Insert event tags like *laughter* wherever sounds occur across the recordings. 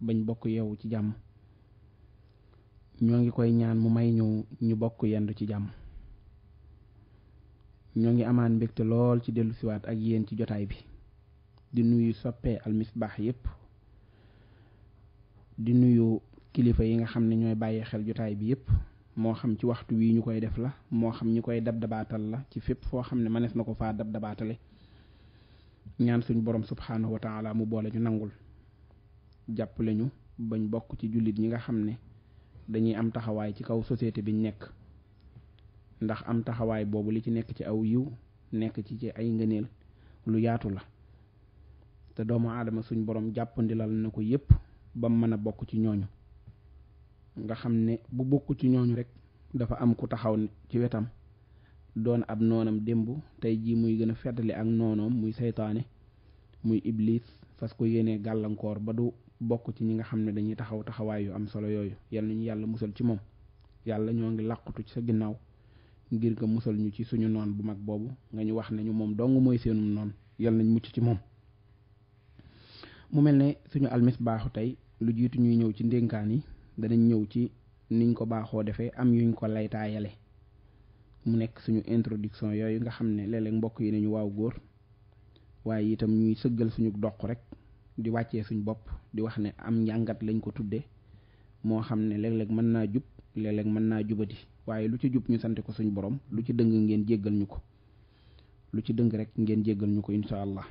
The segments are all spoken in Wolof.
bañ bokk yeewu ci jàmm ñoo ngi koy ñaan mu may ñëw ñu bokk yendu ci jàmm ñoo ngi amaan mbégte lool ci dellusiwaat ak yéen ci jotaay bi di nuyu soppee almisbaax yépp di nuyu kilifa yi nga xam ne ñooy bàyyi xel jotaay bi yépp moo xam ci waxtu wii ñu koy def la moo xam ñi koy dab dabaatal la ci fépp foo xam ne mënees na ko faa dab dabaatale ñaan suñu borom subhaanahu wa taala mu boole ñu nangul jàppale ñu bañ bokk ci jullit ñi nga xam ne dañuy am taxawaay ci kaw société biñ nekk ndax am taxawaay boobu li ci nekk ci aw yiw nekk ci ci ay ngëneel lu yaatu la te doomu aadama suñ borom jàppandilal na ko yépp ba mën a bokk ci ñooñu nga xam ne bu bokk ci ñooñu rek dafa am ku taxaw ci wetam doon ab noonam démb tey jii muy gën a feddali ak noonoom muy seytaane muy iblis fas ko yéene gàllankoor ba du bokk ci ñi nga xam ne dañuy taxaw taxawaay yu am solo yooyu yal nañu yàlla musal ci moom yàlla ñoo ngi làqutu ci sa ginnaaw ngir nga musal ñu ci suñu noon bu mag boobu nga ñu wax nañu moom dong mooy seenum noon yal nañ mucc ci moom mu mel ne suñu baaxu tey lu jiitu ñuy ñëw ci ndénkaan yi danañ ñëw ci niñ ko baaxoo defee am yuñ ko laytaayale mu nekk suñu introduction yooyu nga xam ne léeg mbokk yi nañu waaw góor waaye itam ñuy sëggal suñu doq rek di wàccee suñ bopp di wax ne am njàngat lañ ko tudde moo xam ne léeg-léeg mën naa jub léeg mën naa jubati waaye lu ci jub ñu sant ko suñ borom lu ci dëng ngeen jéggal ñu ko lu ci dëng rek ngeen jéggal ñu ko incha allah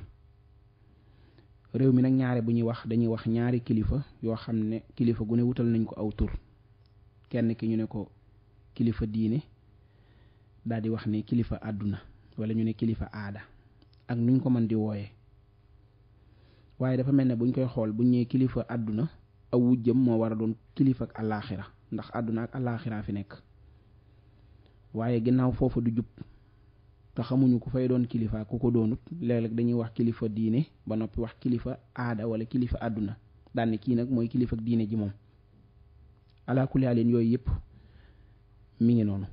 réew mi nag ñaare bu ñuy wax dañuy wax ñaari kilifa yoo xam ne kilifa gu ne wutal nañ ko aw tur kenn ki ñu ne ko kilifa diine daal wax ne kilifa àdduna walla ñu ne kilifa aada ak nuñ ko mën di wooyee waaye dafa mel ne buñ koy xool bu ñee kilifa àdduna aw wujjam moo war a doon kilifa ak àllaaxira ndax àdduna ak àllaaxira fi nekk waaye ginnaaw foofa du jub te xamuñu ku fay doon kilifa ku ko doonut léeg-léeg dañuy wax kilifa diine ba noppi wax kilifa aada wala kilifa àdduna daan kii nag mooy kilifa diine ji moom alaakulli leen yooyu yëpp mu ngi noonu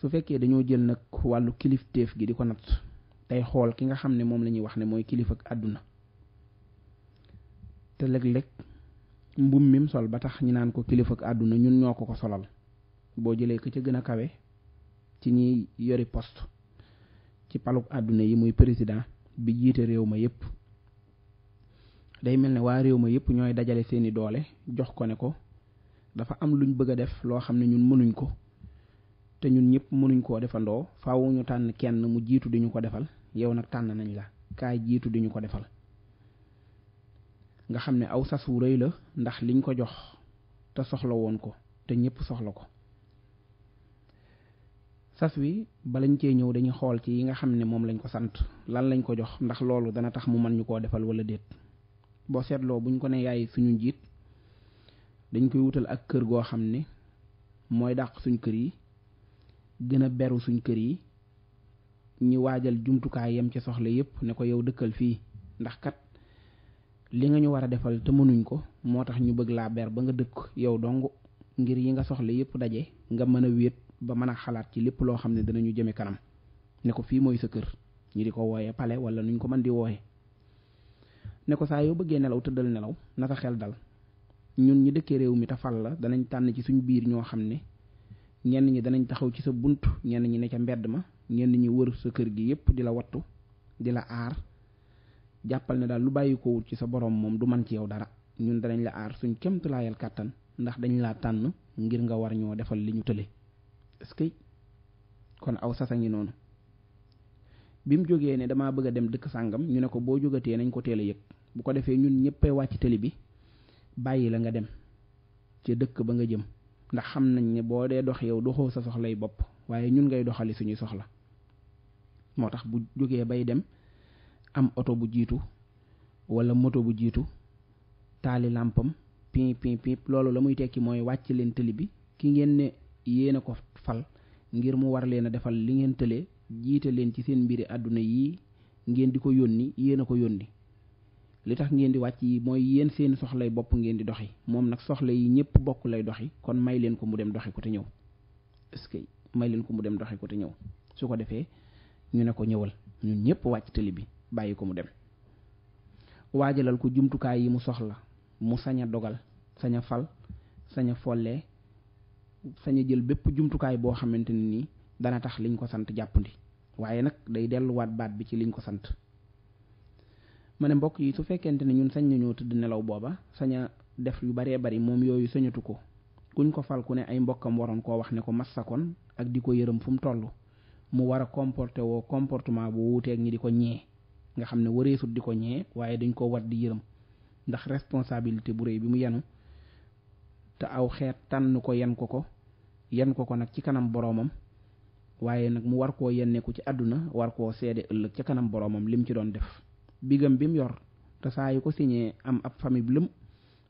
su fekkee dañoo jël nag wàllu kilifteef gi di ko natt tey xool ki nga xam ne moom lañuy wax ne mooy kilifa àdduna te léeg-léeg mbubb mim sol ba tax ñi naan ko kilifa ak àdduna ñun ñoo ko ko solal boo jëlee ko ca gën a kawe ci ñiy yori poste ci paluk àdduna yi muy président bi jiite réew ma yépp day mel ne waa réew ma yépp ñooy dajale seeni doole jox ko ne ko dafa am luñ bëgg a def loo xam ne ñun mënuñ ko te ñun ñëpp mënuñ koo defandoo faaw ñu tànn kenn mu jiitu di ñu ko defal yow nag tànn nañ la kaay jiitu di ñu ko defal nga xam ne aw sas wu rëy la ndax liñ ko jox te soxla woon ko te ñépp soxla ko sas wi balañ cee ñëw dañuy xool ci yi nga xam ne moom lañ ko sant lan lañ ko jox ndax loolu dana tax mu mën ñu koo defal wala déet boo seetloo buñ ko ne yaay suñu njiit dañ koy wutal ak kër goo xam ne mooy dàq suñ kër yi gën beru suñ kër yi ñu waajal jumtukaay yem ci soxla yépp ne ko yow dëkkal fii ndax kat li nga ñu war a defal te mënuñ ko moo tax ñu bëgg laa ber ba nga dëkk yow dong ngir yi nga soxla yépp daje nga mën a wéet ba mën a xalaat ci lépp loo xam ne dinañu jëme kanam ne ko fii mooy sa kër ñu di ko wooyee pale wala nuñ ko mën di wooye ne ko saa yoo bëggee nelaw tëddal nelaw na sa xel dal ñun ñi dëkkee réew mi te fal la danañ tànn ci suñu biir ñoo xam ne ñenn ñi danañ taxaw ci sa bunt ñenn ñi ne ca mbedd ma ñenn ñi wër sa kër gi yépp di la wattu di la aar jàppal ne daal lu bàyyi ko wut ci sa borom moom du man ci yaw dara ñun danañ la aar suñ kemtulaayal kàttan ndax dañ laa tànn ngir nga war ñoo defal li ñu tële est kon aw sasa ngi noonu bi mu jógee ne damaa bëgg a dem dëkk sàngam ñu ne ko boo jógatee nañ ko teel a yëg bu ko defee ñun ñëppay wàcc tëli bi bàyyi la nga dem ci dëkk ba nga jëm ndax xam nañ ne boo dee dox yow doxoo sa soxlay bopp waaye ñun ngay doxali suñuy soxla moo tax bu jógee bay dem am oto bu jiitu wala moto bu jiitu taali làmpam pin pin pin loolu la muy tekki mooy wàcc leen tëli bi ki ngeen ne yéen a ko fal ngir mu war leen a defal li ngeen tëlee jiite leen ci seen mbiri àdduna yi ngeen di ko yónni yéen a ko yónni li tax ngeen di wàcc yi mooy yéen seen soxlay bopp ngeen di doxi moom nag soxla yi ñëpp bokk lay doxi kon may leen ko mu dem doxi ko te ñëw est-ce que may leen ko mu dem doxi ko te ñëw su ko defee ñu ne ko ñëwal ñun ñëpp wàcc tëli bi bàyyi ko mu dem waajalal ko jumtukaay yi mu soxla mu sañ a dogal saña fal sañ fole follee jël bépp jumtukaay boo xamante ne nii dana tax liñ ko sant jàppandi waaye nag day delluwaat baat bi ci liñ ko sant ma ne mbokk yi su fekkente ne ñun sañ nañoo tëdd nelaw booba sañ def yu baree bari moom yooyu sañatu ko kuñ ko fal ku ne ay mbokkam waroon koo wax ne ko massakon ak di ko yërëm fu mu toll mu war a comportement bu wuuteeg ñi di ko ñee nga xam ne wareesut di ko ñee waaye dañ koo wat di yërëm ndax responsabilité bu réy bi mu yenu te aw xeet tànn ko yan ko ko yan ko ko nag ci kanam boromam waaye nag mu war koo yenneeku ci àdduna war koo seede ëllëg ca kanam boroomam lim ci doon def bigam bi mu yor te saa yu ko siñee am ab famille lëm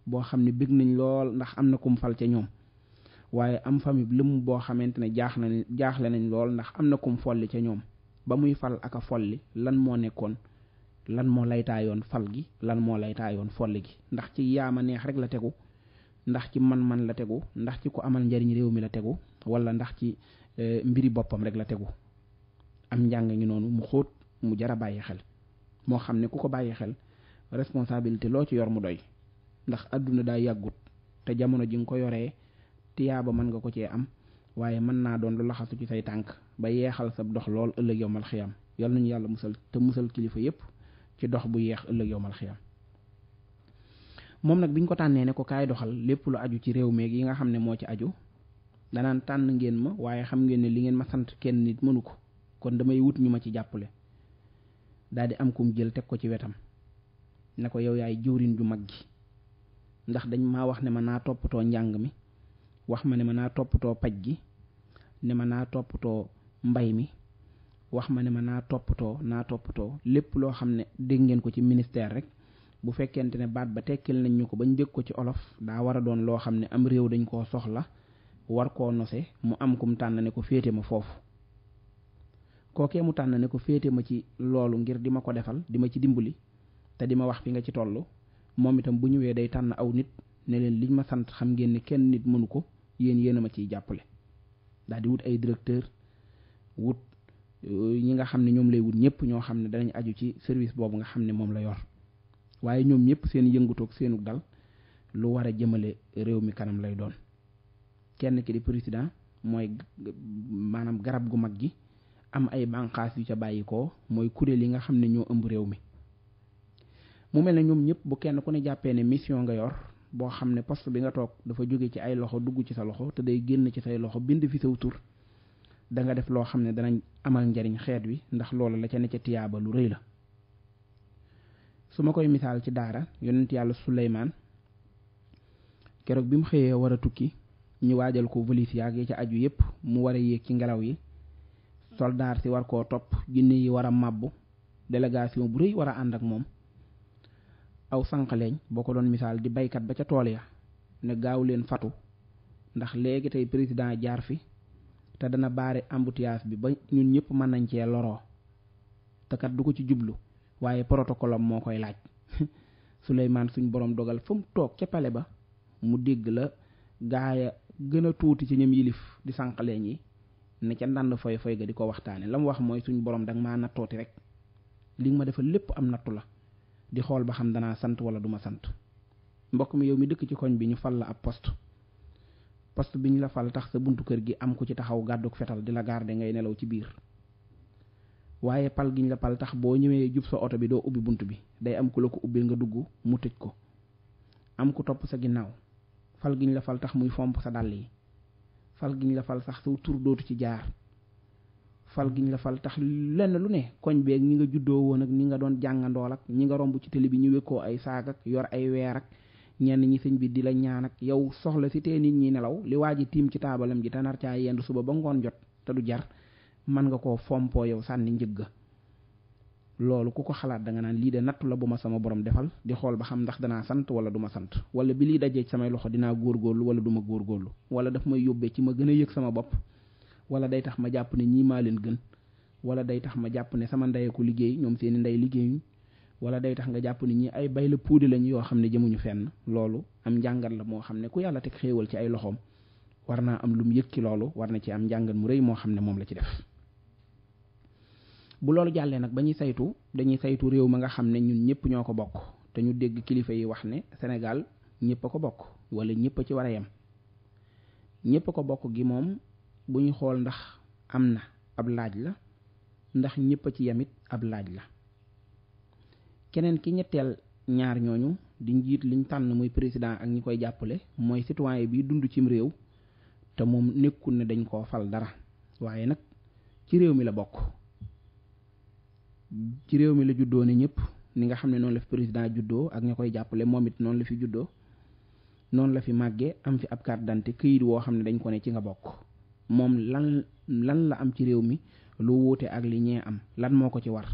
boo xam ne bëgg nañ lool ndax am na kum fal ca ñoom waaye am famille lëm boo xamante ne jaax na jaaxle nañ lool ndax am na kum folli ca ñoom ba muy fal aka a folli lan moo nekkoon lan moo lay taayoon fal gi lan moo lay taayoon foll gi ndax ci yaama neex rek la tegu ndax ci man-man la tegu ndax ci ko amal njariñ réew mi la tegu wala ndax ci e, mbiri boppam rek la tegu am njàng ngi noonu mu xóot mu jar a bàyyi xel moo xam ne ku ko bàyyi xel responsabilité loo ci yor mu doy ndax adduna daa yàggut te jamono ji nga ko yoree tiyaaba mën nga ko cee am waaye mën naa doon lu laxasu ci say tànk ba yeexal sa dox lool ëllëg yow mal xiyam yal nañu yàlla musal te musal kilifa yépp ci dox bu yeex ëllëg yowmal xiyam moom nag bi ñu ko tànnee ne ko kaay doxal lépp lu aju ci réew meeg yi nga xam ne moo ci aju danaan tànn ngeen ma waaye xam ngeen ne li ngeen ma sant kenn nit mënu ko kon damay wut ñu ma ci jàppale daal di am kum jël teg ko ci wetam ne ko yow yaay jëwrin ju mag gi ndax dañ ma wax ne ma naa toppatoo njàng mi wax ma ne ma naa toppatoo paj gi ne ma naa toppatoo mbay mi wax ma ne ma naa toppatoo naa toppatoo lépp loo xam ne dégg ngeen ko ci ministère rek bu fekkente ne baat ba tekkil nañ ñu ko bañ dégg ko ci olof daa war doon loo xam ne am réew dañ koo soxla war koo nose mu am kum tànn ne ko féete ma foofu kookee mu tànn ne ko féete ma ci loolu ngir di ma ko defal di ma ci dimbali te di ma wax fi nga ci toll moom itam bu ñëwee day tànn aw nit ne leen liñ ma sant xam ngeen ne kenn nit mënu ko yéen yéen a ma ciy jàppale daal wut ay directeur wut ñi nga xam ne ñoom lay wut ñëpp ñoo xam ne danañ aju ci service boobu nga xam ne moom la yor waaye ñoom ñëpp seen yëngutoog seenu dal lu war a jëmale réew mi kanam lay doon kenn ki di président mooy maanaam garab gu mag gi am ay bànqaas yu ca bàyyi koo mooy kuréel yi nga xam ne ñoo ëmb réew mi mu mel ne ñoom ñëpp bu kenn ku ne jàppee ne mission nga yor boo xam ne poste bi nga toog dafa jóge ci ay loxo dugg ci sa loxo te day génn ci say loxo bind fi saw tur da nga def loo xam ne danañ amal njariñ xeet wi ndax loolu la ca ne ca tiyaaba lu rëy la su ma koy misaal ci daara yonent yàlla Suleymaan keroog bi mu xëyee war a tukki ñu waajal ko volis yaag yi ca aju yépp mu war a yéeg ci ngelaw yi soldaar si war koo topp jinne yi war a màbbu délégation bu rëy war a ànd ak moom aw sànqaleñ boo ko doon misaal di baykat ba ca tool ya ne gaaw leen fatu ndax léegi tey président jaar fi te dana baare embouteillage bi ba ñun ñëpp mën nañ cee loro te kat du ko ci jublu waaye protocole am moo koy laaj *laughs* Souleymane suñ boroom dogal fa mu toog ca pale ba mu dégg la gaaya gën a tuuti ci ñoom yilif di sànqalee ñi ne ca ndànd foy foy ga di ko waxtaane la mu wax mooy suñ borom danga maa nattooti rek li ma defal lépp am nattu la di xool ba xam danaa sant wala duma sant mbokk mi yow mi dëkk ci koñ bi ñu fal la ab poste poste bi ñu la fal tax sa buntu kër gi am ku ci taxaw gàdduk fetal di la garde ngay nelaw ci biir waaye pal giñ ñu la pal tax boo ñëwee jub sa oto bi doo ubbi bunt bi day am ku la ko ubbil nga dugg mu tëj ko am ku topp sa ginnaaw fal gi la fal tax muy fomp sa dàll yi fal giñ ñu la fal sax sa tur dootu ci jaar fal giñ ñu la fal tax lenn lu ne koñ beeg ñi nga juddoo woon ak ni nga doon jàngandool ak ñi nga romb ci télé bi ñu wekkoo ay saag ak yor ay weer ak ñenn ñi sëñ bi di la ñaan ak yow soxla si tee nit ñi nelaw li waa ji tiim ci taabalam ji tanar caa yendu suba ba ngoon jot te du jar man nga koo fompoo yow sànni njëgga loolu ku ko xalaat danga naan lii de nattu la bu ma sama borom defal di xool ba xam ndax danaa sant wala duma sant wala bi lii dajee ci samay loxo dinaa góor góorlu wala duma góor góorlu wala daf may yóbbee ci ma gën a yëg sama bopp wala day tax ma jàpp ne ñii maa leen gën wala day tax ma jàpp ne sama ndeyeku liggéey ñoom seeni ndey liggéeyuñ wala day tax nga jàpp ni ñi ay bay la puudi lañ yoo xam ne jëmuñu fenn loolu am njàngat la moo xam ne ku yàlla teg xéewal ci ay loxoom war naa am lu mu yëg ci loolu war na ci am njàngat mu rëy moo xam ne moom la ci def bu loolu jàllee nag ba saytu dañuy saytu réew ma nga xam ne ñun ñëpp ñoo ko bokk te ñu dégg kilifa yi wax ne senegal ñëpp a ko bokk wala ñëpp a ci war a yem ñëpp a ko bokk gi moom bu ñu xool ndax am na ab laaj la ndax ñëpp a ci yemit ab laaj la keneen ki ñetteel ñaar ñooñu di njiit liñ tànn muy président ak ñi koy jàppale mooy citoyen bii dundu cim réew te moom nekkul ne dañ ko fal dara waaye nag ci réew mi la bokk ci réew mi la juddoo ne ñëpp ni nga xam ne noonu la fi président juddoo ak ña koy jàppale moom it noonu la fi juddoo noonu la fi màggee am fi ab carte d'identité këyit woo xam ne dañ ko ne ci nga bokk moom lan lan la am ci réew mi lu wuute ak li ñee am lan moo ko ci war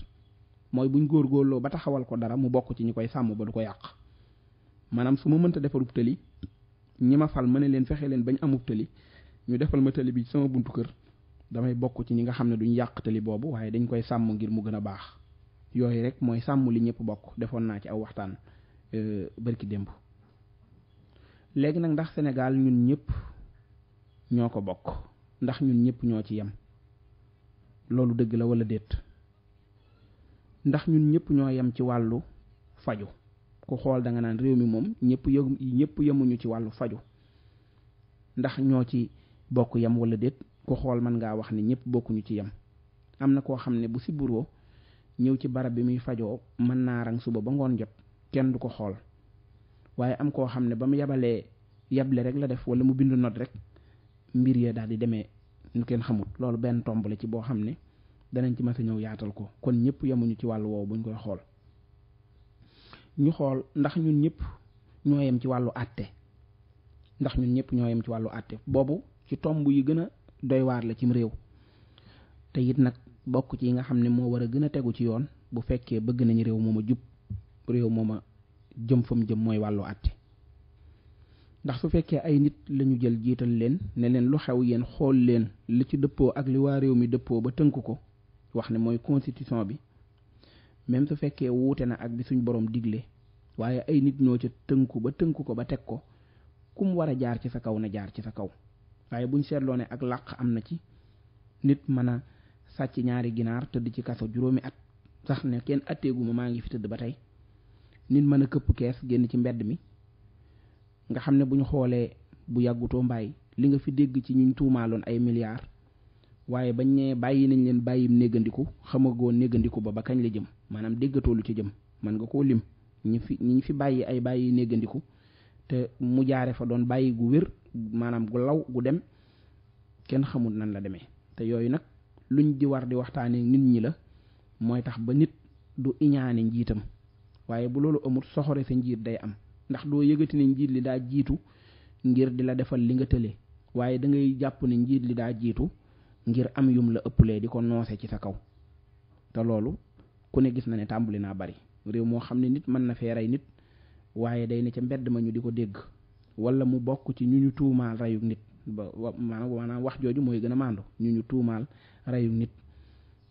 mooy buñ góorloo ba taxawal ko dara mu bokk ci ñi koy sàmm ba du ko yàq maanaam su ma mënta defarub tëli ñi ma fal ma ne leen fexe leen bañ amub tëli ñu defal ma tëli bi sama buntu kër damay bokk ci ñi nga xam ne duñ yàq tëli boobu waaye dañ koy sàmm ngir mu gën a baax yooyu rek mooy sàmm li ñëpp bokk defoon naa ci aw waxtaan euh, bërki démb léegi nag ndax Sénégal ñun ñëpp ñoo ko bokk ndax ñun ñëpp ñoo ci yem loolu dëgg la wala déet ndax ñun ñëpp ñoo yem ci wàllu faju ku xool danga naan réew mi moom ñëpp yë ñëpp yemuñu ci wàllu faju ndax ñoo ci bokk yam wala déet ku xool mën ngaa wax ni ñëpp bokkuñu ci yem am na koo xam ne bu si buroo ñëw ci barab bi muy fajoo mën naa rang suba ba ngoon jot kenn du ko xool waaye am koo xam ne ba mu yabalee yable rek la def wala mu bindu note rek mbir ya daal di demee nu kenn xamut loolu benn tomb la ci boo xam ne danañ ci mas a ñëw yaatal ko kon ñëpp yemuñu ci wàllu woowu buñ koy xool ñu xool ndax ñun ñëpp ñoo yem ci wàllu àtte ndax ñun ñëpp ñoo yem ci wàllu àtte boobu ci tomb yi gën a doy la cim réew te it nag bokk ci yi nga xam ne moo war a gën a tegu ci yoon bu fekkee bëgg nañu réew mooma jub réew mooma jëm fam jëm mooy wàllu àtte ndax su fekkee ay nit lañu jël jiital leen ne leen lu xew yéen xool leen li ci dëppoo ak li waa réew mi dëppoo ba tënk ko wax ne mooy constitution bi même su fekkee wuute na ak bi suñ borom digle waaye ay nit ñoo ca tënku ba tënku ko ba teg ko kum war a jaar ci sa kaw na jaar ci sa kaw waaye buñ seetloo ne ak làq am na ci nit mën a sàcc ñaari ginaar tëdd ci kaso juróomi at sax ne kenn atteeguma maa ngi fi tëdd ba tey nit mën a këpp kees génn ci mbedd mi nga xam ne bu ñu xoolee bu yàggutoo mbaay li nga fi dégg ci ñu tuumaaloon ay milliards waaye bañ ne bàyyi nañ leen bàyyi néggandiku xamagoo néggandiku ba ba kañ la jëm maanaam déggatoo lu ci jëm man nga koo lim ñi fi ñi fi bàyyi ay bàyyi néggandiku te mu jaare fa doon bàyyi gu wér maanaam gu law gu dem kenn xamul nan la demee te yooyu nag luñ di war di waxtaanee nit ñi la mooy tax ba nit du iñaane njiitam waaye bu loolu amul soxore sa njiit day am ndax doo yëgati ne njiit li daa jiitu ngir di la defal li nga tële waaye dangay ngay jàpp ne njiit li daa jiitu ngir am yum la ëpp ëppalee di ko noose ci sa kaw te loolu ku ne gis na ne tàmbali naa bari réew moo xam ne nit mën na fee rey nit waaye day ne ca mbedd ma ñu di ko dégg wala mu bokk ci ñu ñu tuumaal nit ba maanaam wax jooju mooy gën a maandu ñu ñu tuumaal reyug nit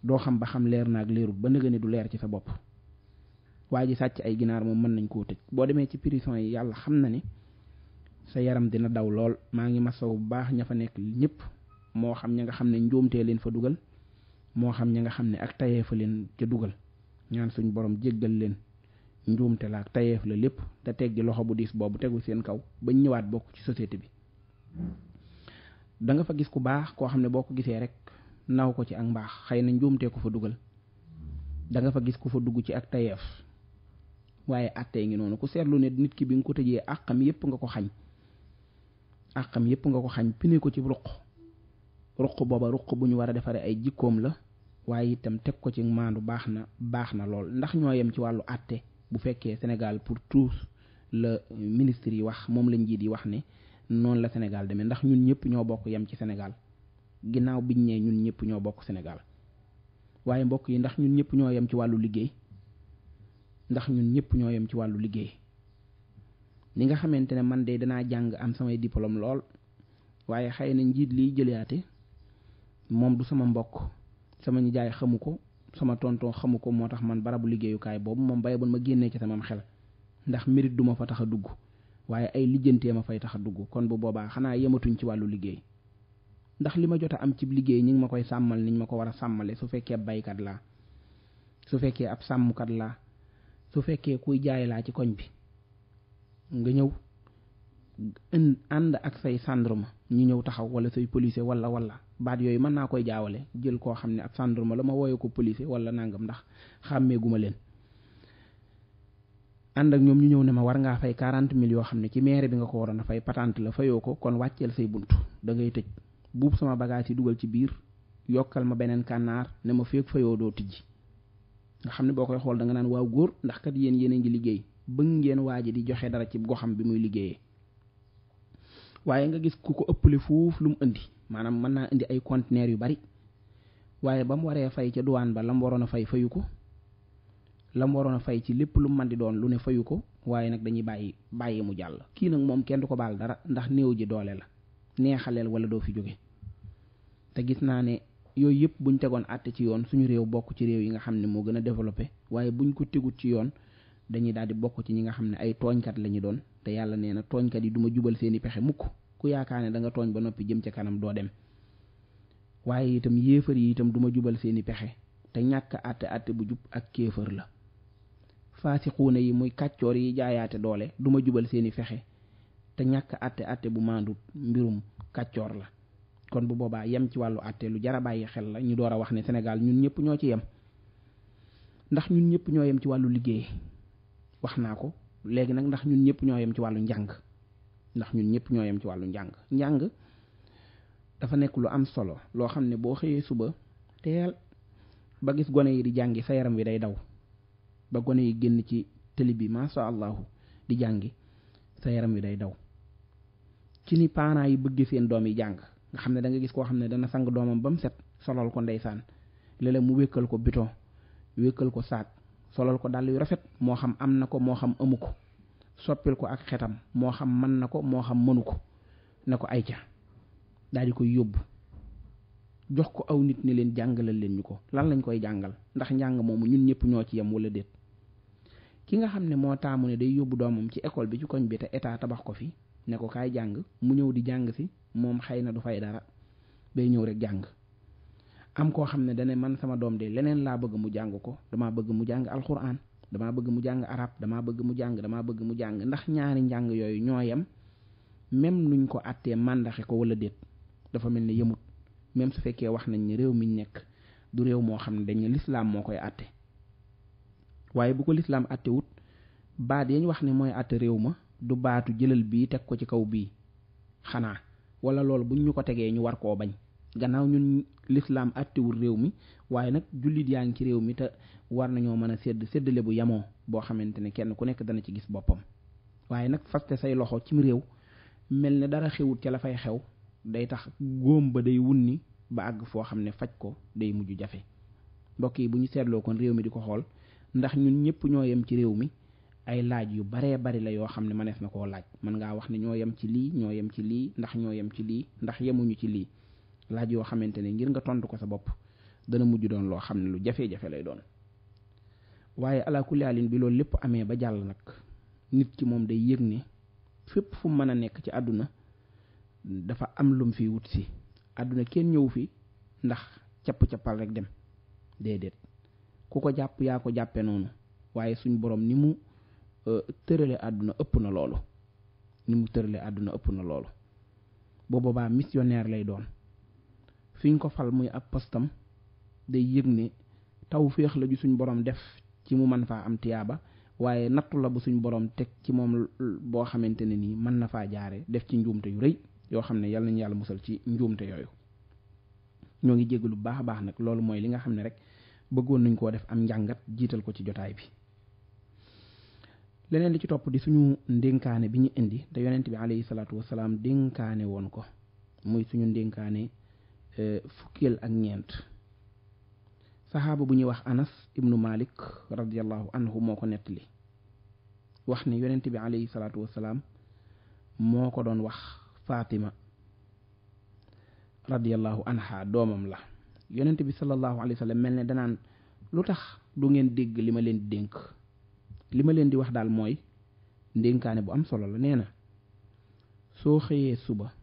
doo xam ba xam leer na ak leerut ba du leer ci sa bopp waa ji sàcc ay ginaar moom mën nañ koo tëj boo demee ci prison yi yàlla xam na ne sa yaram dina daw lool maa ngi masawu baax ña fa nekk ñëpp moo xam ña nga xam ne njuumtee leen fa dugal moo xam ñi nga xam ne ak tayee fa leen ca dugal ñaan suñ boroom jéggal leen njuumte la tayeef la lépp te teggi loxo bu diis boobu tegu seen kaw bañ ñëwaat bokk ci société bi danga fa gis ku baax koo xam ne boo ko gisee rek naw ko ci ak mbaax xëy na njuumtee ko fa dugal danga fa gis ku fa dugg ci ak tayeef waaye attee ngi noonu ku seetlu ne nit ki bi nga ko tëjee àqam yépp nga ko xañ àqam yépp nga ko xañ pine ko ci ruq ruq booba ruq bu ñu war a defaree ay jikkoom la waaye itam teg ko ci maandu baax na baax na lool ndax ñoo yem ci wàllu àtte bu fekkee Sénégal pour tous la ministre yi wax moom la njiit yi wax ne noonu la Sénégal demee ndax ñun ñëpp ñoo bokk yem ci Sénégal ginnaaw biñ ñee ñun ñëpp ñoo bokk Sénégal waaye mbokk yi ndax ñun ñëpp ñoo yem ci wàllu liggéey ndax ñun ñëpp ñoo yem ci wàllu liggéey ni nga xamante ne man de danaa jàng am samay diplôme lool waaye xëy na njiit liy jëliyaate moom du sama mbokk sama nijaay xamu ko sama tonton xamu ko moo tax man barabu liggéeyukaay boobu moom bay bon ma génnee ci sama xel ndax mérite du ma fa tax a dugg waaye ay lijjantee ma fay tax a dugg kon bu boobaa xanaa yematuñ ci wàllu liggéey ndax li ma jot a am ci liggéey ñi ngi ma koy sàmmal ni ñu ma ko war a sàmmale su fekkee baykat laa su fekkee ab sàmmkat laa su fekkee kuy jaay laa ci koñ bi nga ñëw ànd ak say ma ñu ñëw taxaw wala say policier wala wala baat yooyu mën naa koy jaawale jël koo xam ne ab sàndarma la ma wooye ko policier wala nangam ndax xàmmeeguma leen ànd ak ñoom ñu ñëw ne ma war ngaa fay quarante mille yoo xam ne ci maire bi nga ko waroon a fay patente la fayoo ko kon wàcceel say bunt dangay tëj buub sama bagage yi dugal ci biir yokkal ma beneen kànnaar ne ma feek fayoo doo tijji nga xam ne boo koy xool da nga naan waaw góor ndax kat yéen yéen a ngi liggéey bëgg ngeen waa ji di joxe dara ci goxam bi muy liggéeyee waaye nga gis ku ko ëppale fuuf lu mu indi maanaam mën naa indi ay conteneurs yu bari waaye ba mu waree fay ca duwaan ba la waroon a fay fayu ko la waroon a fay ci lépp lu mu mën di doon lu ne fayu ko waaye nag dañuy bàyyi bàyyi mu jàll. kii nag moom kenn du ko baal dara ndax néew ji doole la neexaleel wala doo fi jóge te gis naa ne yooyu yëpp buñ tegoon àtte ci yoon suñu réew bokk ci réew yi nga xam ne moo gën a développé waaye buñ ko tegut ci yoon dañuy daal di bokk ci ñi nga xam ne ay tooñkat la ñu doon te yàlla nee na tooñkat yi du jubal seeni pexe mukk ku yaakaar ne da nga tooñ ba noppi jëm ca kanam doo dem waaye itam yéefar yi itam du ma jubal seeni pexe te ñàkk àtte àtte bu jub ak kéefar la faasixuuna yi muy kàccoor yi jaayaate doole du ma jubal seeni fexe te ñàkk àtte àtte bu maandut mbirum kàccoor la kon bu boobaa yem ci wàllu àtte lu jara bàyyi xel la ñu door a wax ne Sénégal ñun ñëpp ñoo ci yem ndax ñun ñëpp ñoo yem ci wàllu liggéey wax naa ko léegi nag ndax ñun ñëpp ñoo yem ci wàllu njàng ndax ñun ñëpp ñoo yem ci wàllu njàng njàng dafa nekk lu am solo loo xam ne boo xëyee suba teel ba gis gone yi di jàngi sa yaram wi day daw ba gone yi génn ci tëli bi masha allahu di jàngi sa yaram wi day daw ci ni parents yi bëgg seen doom yi jàng nga xam ne da gis koo xam ne dana sang doomam ba mu set solal ko ndeysaan léeg mu wékkal ko bito wékkal ko saak solal ko dàll yu rafet moo xam am na ko moo xam amu ko soppil ko ak xetam moo xam man na ko moo xam mënu ko ne ko ay ca daal koy yóbbu jox ko aw nit ni leen jàngalal leen ñu ko lan lañ koy jàngal ndax njàng moomu ñun ñëpp ñoo ci yem wala déet ki nga xam ne moo taamu ne day yóbbu doomam ci école bi ci koñ bi te état tabax ko fi ne ko kaay jàng mu ñëw di jàng si moom xëy na du fay dara day ñëw rek jàng am koo xam ne dane man sama doom de leneen laa bëgg mu jàng ko dama bëgg mu jàng alxuraan damaa bëgg mu jàng arab damaa bëgg mu jàng damaa bëgg mu jàng ndax ñaari njàng yooyu ñoo yem même luñ ko àttee màndaxe ko wala déet dafa mel ni yemut même su fekkee wax nañ ni réew mi nekk du réew moo xam ne dañ lislaam moo koy àtte waaye bu ko lislaam àtte wut baat yañ wax ne mooy àtte réew ma du baatu jëlal bii teg ko ci kaw bii xanaa wala loolu bu ñu ko tegee ñu war koo bañ gannaaw ñun lislaam attewul réew mi waaye nag jullit yaa ngi ci réew mi te war nañoo mën a sedd séddale bu yamoo boo xamante ne kenn ku nekk dana ci gis boppam waaye nag faste say loxo cim réew mel ni dara xewut ca la fay xew day tax góom ba day wunni ba àgg foo xam ne faj ko day mujj jafe mbokk yi bu ñu seetloo kon réew mi di ko xool ndax ñun ñëpp ñoo yem ci réew mi ay laaj yu baree bari la yoo xam ne mënees na koo laaj mën ngaa wax ne ñoo yem ci lii ñoo yem ci lii ndax ñoo yem ci lii ndax yemuñu ci lii laaj yoo xamante ne ngir nga tontu ko sa bopp dana mujj doon loo xam ne lu jafe-jafe lay doon waaye ala kulli bi loolu lépp amee ba jàll nag nit ki moom day yëg ne fépp fu mën a nekk ci àdduna dafa am lum fi wut si àdduna kenn ñëw fi ndax capp-cappal rek dem déedéet ku ko jàpp yaa ko jàppe noonu waaye suñ borom ni mu euh, tërale àdduna ëpp na loolu ni mu tërale àdduna ëpp na loolu boo boobaa missionnaire lay doon fi ko fal muy ab postam day yëg ne taw féex la ju suñ borom def ci mu mën faa am tiyaaba waaye nattu la bu suñ borom teg ci moom boo xamante ne nii mën na faa jaare def ci njuumte yu rëy yoo xam ne yal nañu yàlla musal ci njuumte yooyu ñoo ngi jégg lu baax a baax nag loolu mooy li nga xam ne rek bëggoon nañ koo def am njàngat jiital ko ci jotaay bi leneen li ci topp di suñu ndénkaane bi ñu indi te yonent bi alayhi salaatu wasalaam dénkaane woon ko muy suñu ndénkaane Euh, fukkeel ak ñeent saxaaba bu ñuy wax anas ibnu malik radiallahu anhu moo ko nettali wax ne yonent bi alayhi salaatu wasalaam moo ko doon wax faatima radiallahu anha doomam la yonent bi sallallahu alayhi wa mel ne danaan lu tax du ngeen dégg li ma leen di dénk li ma leen di wax daal mooy ndénkaane bu am solo la nee na soo xëyee suba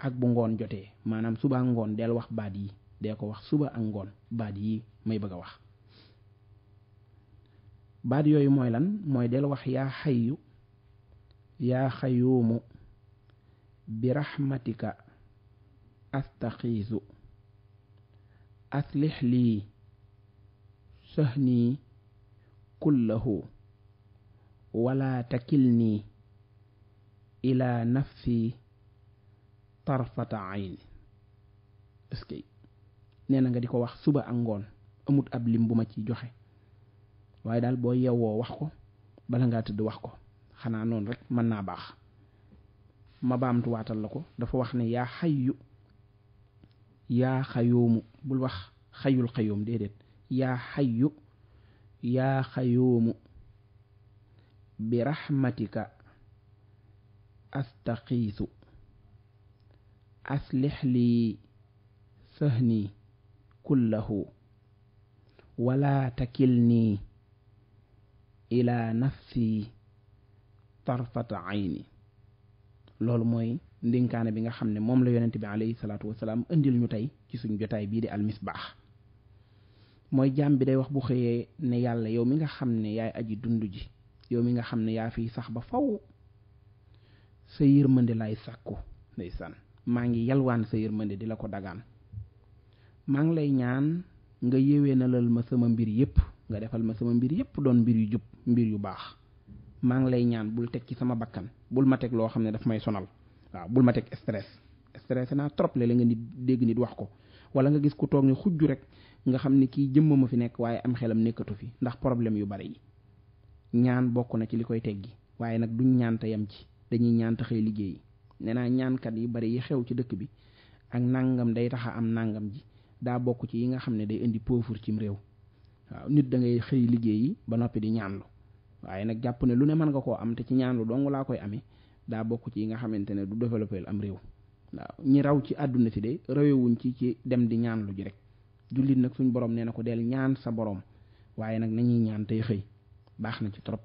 ak bu ngoon jotee maanaam suba ak ngoon del wax baat yi dee ko wax suba ak ngoon baat yi may bëgg a wax baat yooyu mooy lan mooy del wax yaa xayyu yaa xayuumu bi raxmatika astaxiisu aslix lii sahnii kullahu wala takilnii ilaa nafsi tarfata ayn est-ce que na nga di ko wax suba ak ngoon amut ab lim bu ma ci joxe waaye daal boo yewwoo wax ko bala ngaa tëdd wax ko xanaa noonu rek mën naa baax ma baamtuwaatal la ko dafa wax ne yaa xayyu yaa xayoomu bul wax xayul xayoom déedéet yaa xayyu yaa xayoomu bi raxmatika astaxiisu aslix li sahni kullahu wala takilni ila nafsi tarfata ayni loolu mooy ndénkaane bi nga xam ne moom la yonent bi alayhi salaatu wasalaam indil ñu tey ci suñ jotaay bii di almisbaax mooy jaam bi day wax bu xëyee ne yàlla yow mi nga xam ne yaay aji dund ji yow mi nga xam ne yaa fiy sax ba faw sa yërmande laay sàkku ndeysaan maa ngi yalwaan sa yërmande di la ko dagaan maa ngi lay ñaan nga yéwénalal ma sama mbir yépp nga defal ma sama mbir yépp doon mbir yu jub mbir yu baax maa ngi lay ñaan bul teg ci sama bakkan bul ma teg loo xam ne daf may sonal waaw bul ma teg stress stressé naa trop léeg-léeg nga nit dégg nit wax ko wala nga gis ku toog ne xujju rek nga xam ne kii jëmm ma fi nekk waaye am xelam nekkatu fi ndax problème yu bari yi ñaan bokk na ci li koy teggi waaye nag duñ ñaanta yam ci dañuy ñaanta xëy liggéey nee naa ñaankat yi bari yi xew ci dëkk bi ak nangam day taxa am nangam ji daa bokk ci yi nga xam ne day indi pauvre cim réew waaw nit dangay xëy liggéey yi ba noppi di ñaanlu waaye nag jàpp ne lu ne mën nga koo am te ci ñaanlu dong laa koy amee daa bokk ci yi nga xamante ne du développé am réew waaw ñi raw ci àdduna si de rawewuñ ci ci dem di ñaan lu ji rek jullit nag suñ boroom nee na ko del ñaan sa borom waaye nag nañuy ñaan tey xëy baax na ci trop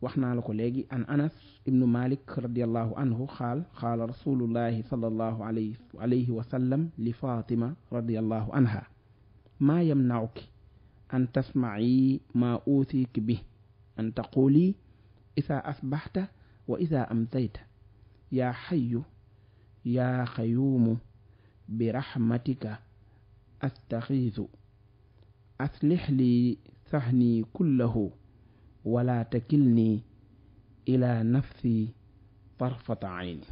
wax naa la ko léegi an anas ibnu malik radiallahu anhu xaal xaala rasulullahi salallahu alayhi wa sallam li fatima radiallahu anha maa yamnauki an tasmacii maa uusiki bi an taqulii isaa asbaxta wa isaa amsayta yaa xayu yaa xayuumu biraxmatika astaxiisu aslix lii saxnii kullahu wala takilni ila nafsi tarfata ayni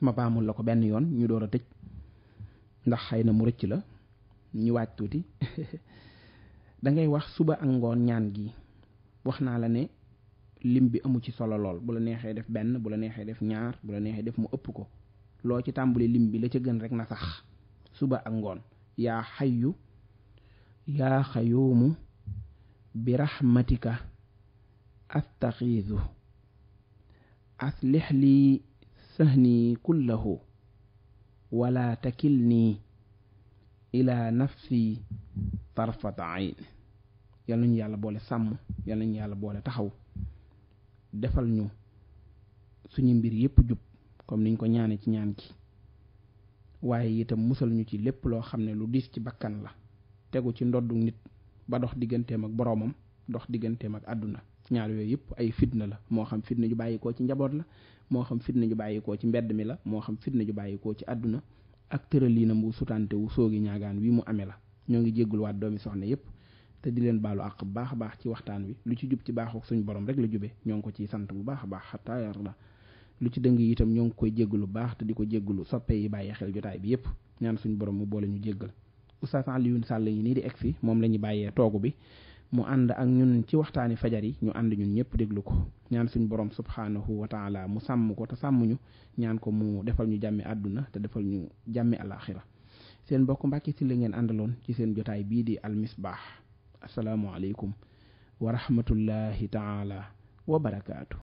ma baamul la ko benn yoon ñu door a tëj ndax xëy na mu rëcc la ñu waaj tuuti *laughs* dangay wax suba ak ngoon ñaan gi wax naa la ne lim bi amu ci solo lool bu la neexee def benn bu la neexee def ñaar bu la neexee def mu ëpp ko loo ci tàmbali lim bi la ca gën rek na sax suba ak ngoon yaa xayu yaa xayuumu bi raxmatika astaxiisu aslix lii sahni kullahu wala takilni ila nafsi tarfata ayn yal nañu yàlla boole sàmm yal nañu yàlla boole taxaw defal ñu suñu mbir yépp jub comme niñ ko ñaanee ci ñaan gi waaye itam musal ñu ci lépp loo xam ne lu diis ci bakkan la tegu ci ndoddu nit ba dox digganteem ak boroomam dox digganteem ak àdduna ñaar yooyu yëpp ay fitna la moo xam fitna ju bàyyikoo ci njaboot la moo xam fitna ju bàyyikoo ci mbedd mi la moo xam fitna ñu bàyyikoo ci àdduna ak na mu sutante wu soogi ñaagaan wi mu amee la ñoo ngi jéggulwaat doomi soxna yëpp te di leen baalu àq bu baax a baax ci waxtaan wi lu ci jub ci baaxu suñ borom rek la jubee ñoo ngi ko ciy sant bu baax a baax xataa yar la lu ci dëng itam ñoo ngi koy jégg lu baax te di ko jéggalu soppe yi bàyyi xel jotaay bi yëpp ñaan suñ borom mu boole ñu jéggal Oustaz Alioune Sall yi nii di egg si moom la ñu bàyyee toogu bi mu ànd ak ñun ci waxtaani fajar yi ñu ànd ñun ñëpp déglu ko ñaan suñu borom subhaanahu wa taala mu sàmm ko te sàmm ñu ñaan ko mu defal ñu jàmmi àdduna te defal ñu jàmmi alaxira seen mbokk Mbàkke si la ngeen àndaloon ci seen jotaay bii di almisbaax asalaamualeykum wa rahmatullahi taala wa barakaatu.